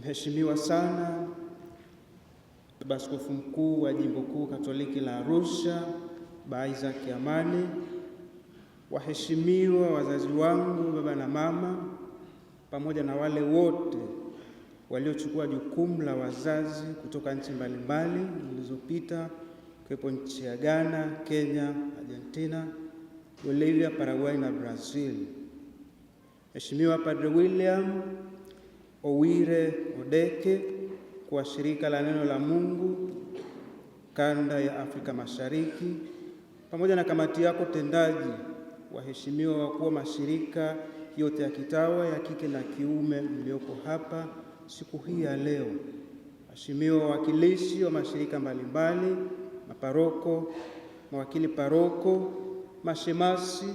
Mheshimiwa sana Baba Askofu Mkuu wa Jimbo Kuu Katoliki la Arusha Baba Isaac Amani, waheshimiwa wazazi wangu baba na mama, pamoja na wale wote waliochukua jukumu la wazazi kutoka nchi mbalimbali zilizopita ikiwepo nchi ya Ghana, Kenya, Argentina, Bolivia, Paraguay na Brazil. Mheshimiwa Padre William Owire Odeke kwa shirika la neno la Mungu kanda ya Afrika Mashariki, pamoja na kamati yako tendaji, waheshimiwa wakuu wa mashirika yote ya kitawa ya kike na kiume mlioko hapa siku hii ya leo, waheshimiwa wawakilishi wa mashirika mbalimbali, maparoko, mawakili paroko, mashemasi,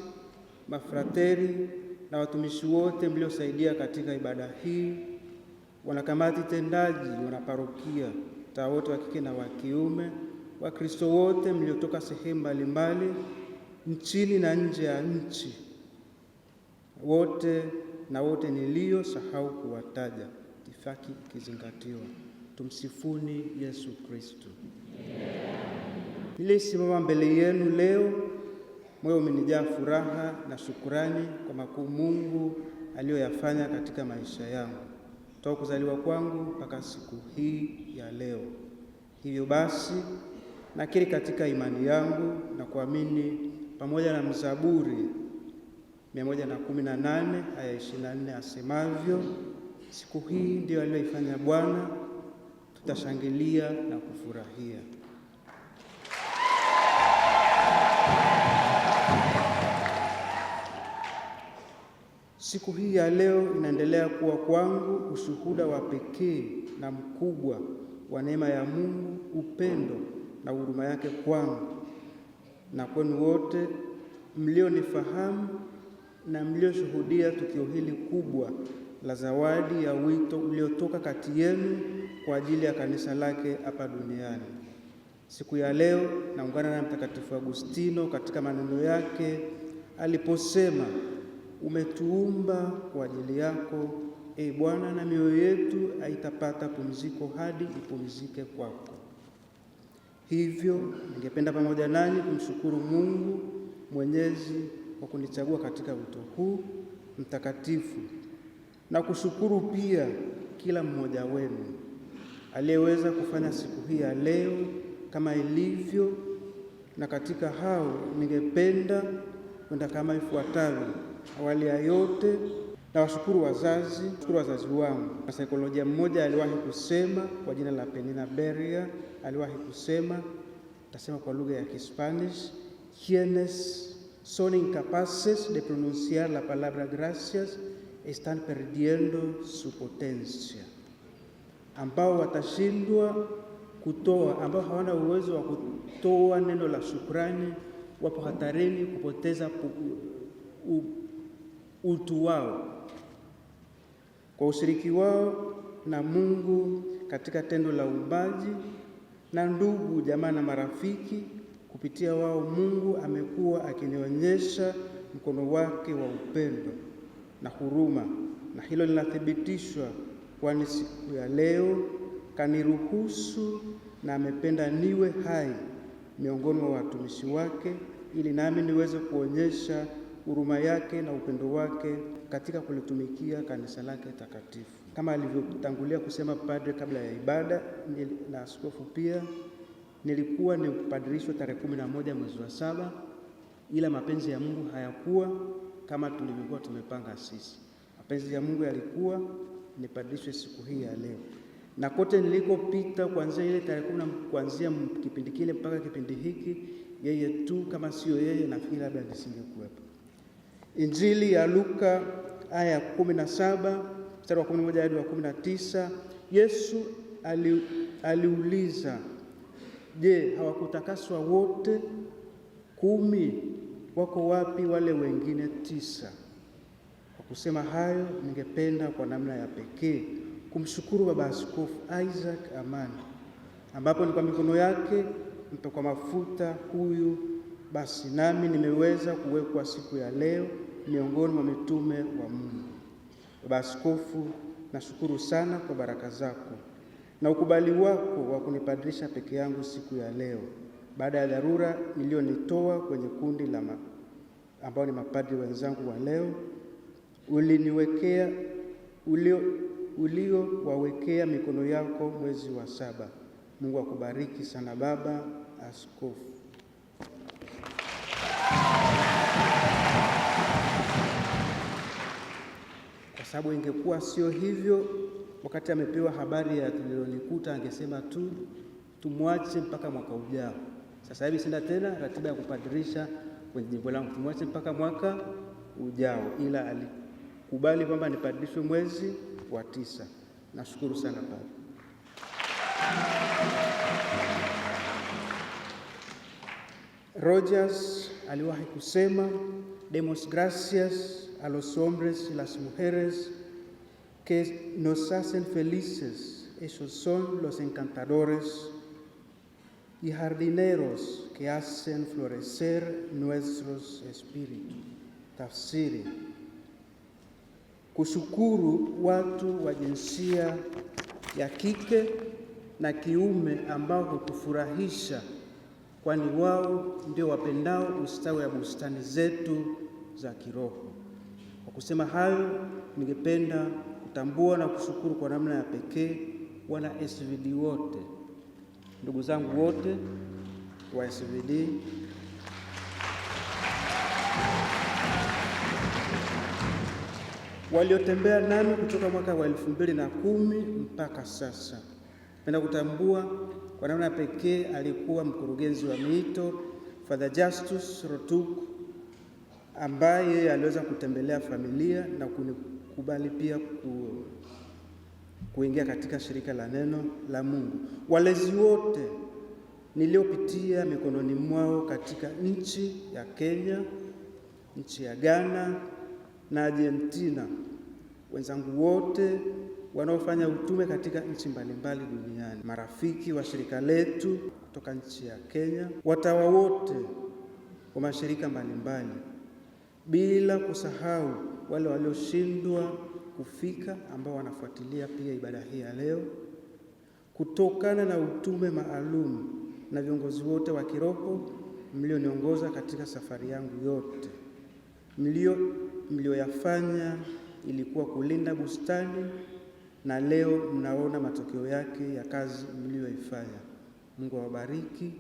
mafrateri na watumishi wote mliosaidia katika ibada hii wanakamati tendaji, wanaparokia, taa wote wa kike na wa kiume, Wakristo wote mliotoka sehemu mbalimbali nchini na nje ya nchi, wote na wote niliyosahau kuwataja, itifaki ikizingatiwa. Tumsifuni Yesu Kristo. Yeah. Nilisimama mbele yenu leo, moyo umenijaa furaha na shukurani kwa makuu Mungu aliyoyafanya katika maisha yangu toka kuzaliwa kwangu mpaka siku hii ya leo. Hivyo basi nakiri katika imani yangu na kuamini pamoja na Mzaburi 118 aya 24 asemavyo, siku hii ndiyo aliyoifanya Bwana, tutashangilia na kufurahia. Siku hii ya leo inaendelea kuwa kwangu ushuhuda wa pekee na mkubwa wa neema ya Mungu, upendo na huruma yake kwangu na kwenu wote mlionifahamu na mlioshuhudia tukio hili kubwa la zawadi ya wito uliotoka kati yenu kwa ajili ya kanisa lake hapa duniani. Siku ya leo naungana na Mtakatifu Agustino katika maneno yake aliposema umetuumba kwa ajili yako, e Bwana, na mioyo yetu haitapata pumziko hadi ipumzike kwako. Hivyo ningependa pamoja nanyi kumshukuru Mungu Mwenyezi kwa kunichagua katika wito huu mtakatifu na kushukuru pia kila mmoja wenu aliyeweza kufanya siku hii ya leo kama ilivyo, na katika hao ningependa kwenda kama ifuatavyo. Awali ya yote na washukuru wazazi, washukuru wazazi wangu. Na saikolojia mmoja aliwahi kusema kwa jina la Penina Beria, aliwahi kusema, tasema kwa lugha ya Kispanish, quienes son incapaces de pronunciar la palabra gracias están perdiendo su potencia, ambao watashindwa kutoa, ambao hawana uwezo wa kutoa neno la shukrani, wapo hatarini kupoteza u, u, utu wao kwa ushiriki wao na Mungu katika tendo la uumbaji na ndugu, jamaa na marafiki. Kupitia wao Mungu amekuwa akinionyesha mkono wake wa upendo na huruma, na hilo linathibitishwa, kwani siku ya leo kaniruhusu na amependa niwe hai miongoni mwa watumishi wake ili nami niweze kuonyesha huruma yake na upendo wake katika kulitumikia kanisa lake takatifu, kama alivyotangulia kusema padre kabla ya ibada na askofu pia. Nilikuwa ni nipadrishwa tarehe kumi na moja mwezi wa saba, ila mapenzi ya Mungu hayakuwa kama tulivyokuwa tumepanga sisi. Mapenzi ya Mungu yalikuwa nipadrishwe siku hii ya leo, na kote nilikopita kuanzia ile tarehe kumi, kuanzia kipindi kile mpaka kipindi hiki, yeye tu, kama sio yeye nafikiri labda nisingekuwepo. Injili ya Luka aya ya 17 mstari wa 11 hadi wa 19. Yesu ali, aliuliza, je, hawakutakaswa wote kumi? Wako wapi wale wengine tisa? Kwa kusema hayo, ningependa kwa namna ya pekee kumshukuru Baba Askofu Isaac Amani, ambapo ni kwa mikono yake mpakwa mafuta huyu basi nami nimeweza kuwekwa siku ya leo miongoni mwa mitume wa Mungu. Baba Askofu, nashukuru sana kwa baraka zako na ukubali wako wa kunipadirisha peke yangu siku ya leo, baada ya dharura iliyonitoa kwenye kundi la ambao ni mapadri wenzangu wa leo uliniwekea ulio uliowawekea mikono yako mwezi wa saba. Mungu akubariki sana Baba Askofu. sababu ingekuwa sio hivyo, wakati amepewa habari ya tulilonikuta angesema tu tumwache mpaka mwaka ujao. Sasa hivi sina tena ratiba ya kupadirisha kwenye jimbo langu, tumwache mpaka mwaka ujao, ila alikubali kwamba nipadirishwe mwezi wa tisa. Nashukuru sana Padre. Rogers aliwahi kusema demos gracias a los hombres y las mujeres que nos hacen felices. esos son los encantadores y jardineros que hacen florecer nuestros espíritus. Tafsiri. Kushukuru watu wa jinsia ya kike na kiume ambao hutufurahisha, kwani wao ndio wapendao ustawi wa bustani zetu za kiroho. Kwa kusema hayo, ningependa kutambua na kushukuru kwa namna ya pekee wana SVD wote, ndugu zangu wote wa SVD waliotembea nami kutoka mwaka wa elfu mbili na kumi mpaka sasa. Napenda kutambua kwa namna pekee alikuwa mkurugenzi wa miito Father Justus Rotuku ambaye yeye aliweza kutembelea familia na kunikubali pia ku, kuingia katika shirika la neno la Mungu. Walezi wote niliopitia mikononi mwao katika nchi ya Kenya, nchi ya Ghana na Argentina, wenzangu wote wanaofanya utume katika nchi mbalimbali duniani, marafiki wa shirika letu kutoka nchi ya Kenya, watawa wote wa mashirika mbalimbali bila kusahau wale walioshindwa kufika ambao wanafuatilia pia ibada hii ya leo, kutokana na utume maalum na viongozi wote wa kiroho mlioniongoza katika safari yangu yote, mlio mlioyafanya ilikuwa kulinda bustani, na leo mnaona matokeo yake ya kazi mliyoifanya. Mungu awabariki,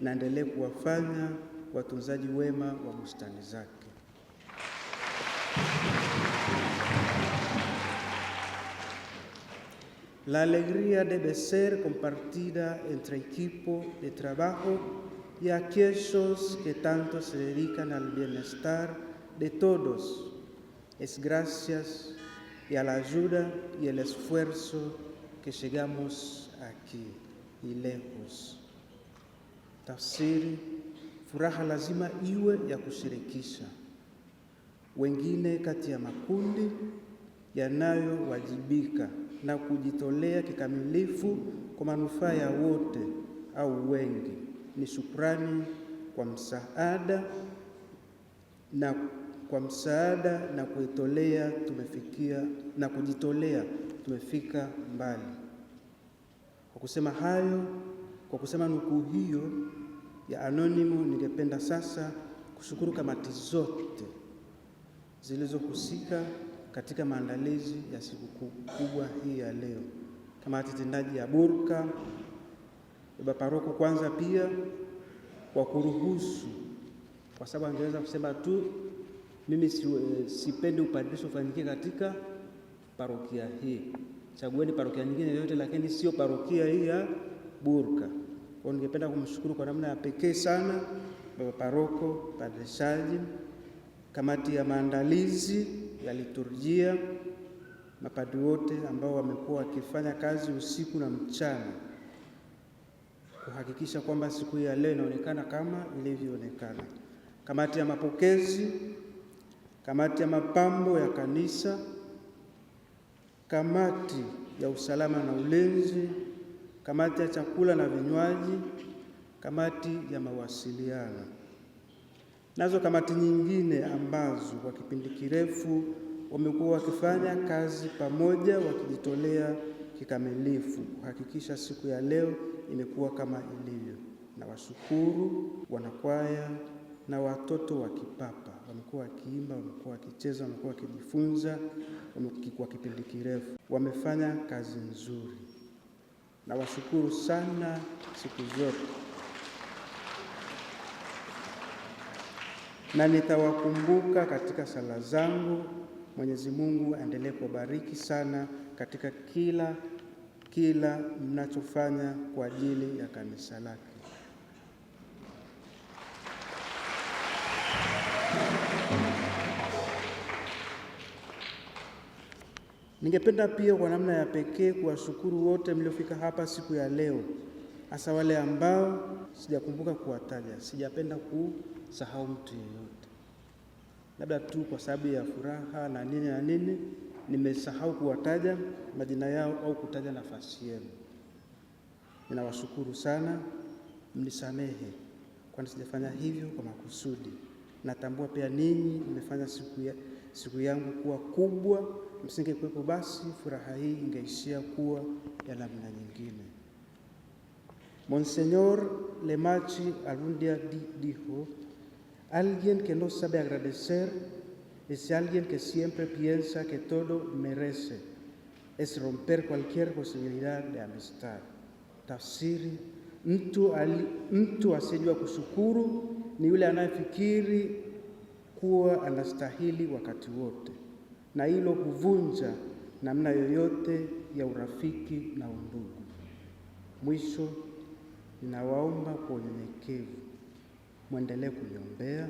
naendelee kuwafanya watunzaji wema wa bustani zake. La alegría debe ser compartida entre equipo de trabajo y aquellos que tanto se dedican al bienestar de todos. Es gracias y a la ayuda y el esfuerzo que llegamos aquí y lejos. furaha lazima iwe ya wengine kati ya makundi yanayowajibika na kujitolea kikamilifu kwa manufaa ya wote au wengi. Ni shukrani kwa msaada na kwa msaada na kujitolea tumefikia na kujitolea tumefika mbali. Kwa kusema hayo, kwa kusema nukuu hiyo ya anonimo, ningependa sasa kushukuru kamati zote zilizohusika katika maandalizi ya sikukuu kubwa hii ya leo, kamati tendaji ya Burka, baba paroko kwanza pia kwa kuruhusu, kwa sababu angeweza kusema tu mimi sipendi upadrisho ufanyike katika parokia hii, chagueni parokia nyingine yoyote, lakini sio parokia hii ya Burka. Kwa ningependa kumshukuru kwa namna ya pekee sana baba paroko, padre kamati ya maandalizi ya liturjia, mapadri wote ambao wamekuwa wakifanya kazi usiku na mchana kuhakikisha kwamba siku hii ya leo inaonekana kama ilivyoonekana, kamati ya mapokezi, kamati ya mapambo ya kanisa, kamati ya usalama na ulinzi, kamati ya chakula na vinywaji, kamati ya mawasiliano. Nazo kamati nyingine ambazo kwa kipindi kirefu wamekuwa wakifanya kazi pamoja, wakijitolea kikamilifu kuhakikisha siku ya leo imekuwa kama ilivyo. Na washukuru wanakwaya na watoto wa kipapa, wamekuwa wakiimba, wamekuwa wakicheza, wamekuwa wakijifunza kwa kipindi kirefu, wamefanya kazi nzuri. Nawashukuru sana siku zote. na nitawakumbuka katika sala zangu. Mwenyezi Mungu aendelee kubariki sana katika kila kila mnachofanya kwa ajili ya kanisa lake. Ningependa pia kwa namna ya pekee kuwashukuru wote mliofika hapa siku ya leo hasa wale ambao sijakumbuka kuwataja, sijapenda kusahau mtu yeyote, labda tu kwa sababu ya furaha na nini na nini, nimesahau kuwataja majina yao au kutaja nafasi yenu. Ninawashukuru sana, mnisamehe, kwani sijafanya hivyo kwa makusudi. Natambua pia ninyi nimefanya siku, ya, siku yangu kuwa kubwa. Msingekuwepo basi furaha hii ingeishia kuwa ya namna nyingine. Monseñor Lemachi algún día dijo, alguien que no sabe agradecer es alguien que siempre piensa que todo merece, es romper cualquier posibilidad de amistad. Tafsiri, mtu, ali, mtu asiyejua kushukuru ni yule anayefikiri kuwa anastahili wakati wote, na hilo huvunja namna yoyote ya urafiki na undugu. Mwisho. Ninawaomba kwa unyenyekevu mwendelee kuniombea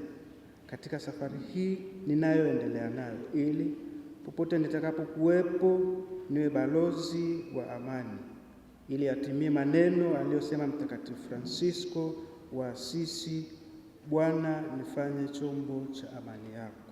katika safari hii ninayoendelea nayo, ili popote nitakapokuwepo niwe balozi wa amani, ili atimie maneno aliyosema Mtakatifu Fransisko wa Asisi, Bwana, nifanye chombo cha amani yako.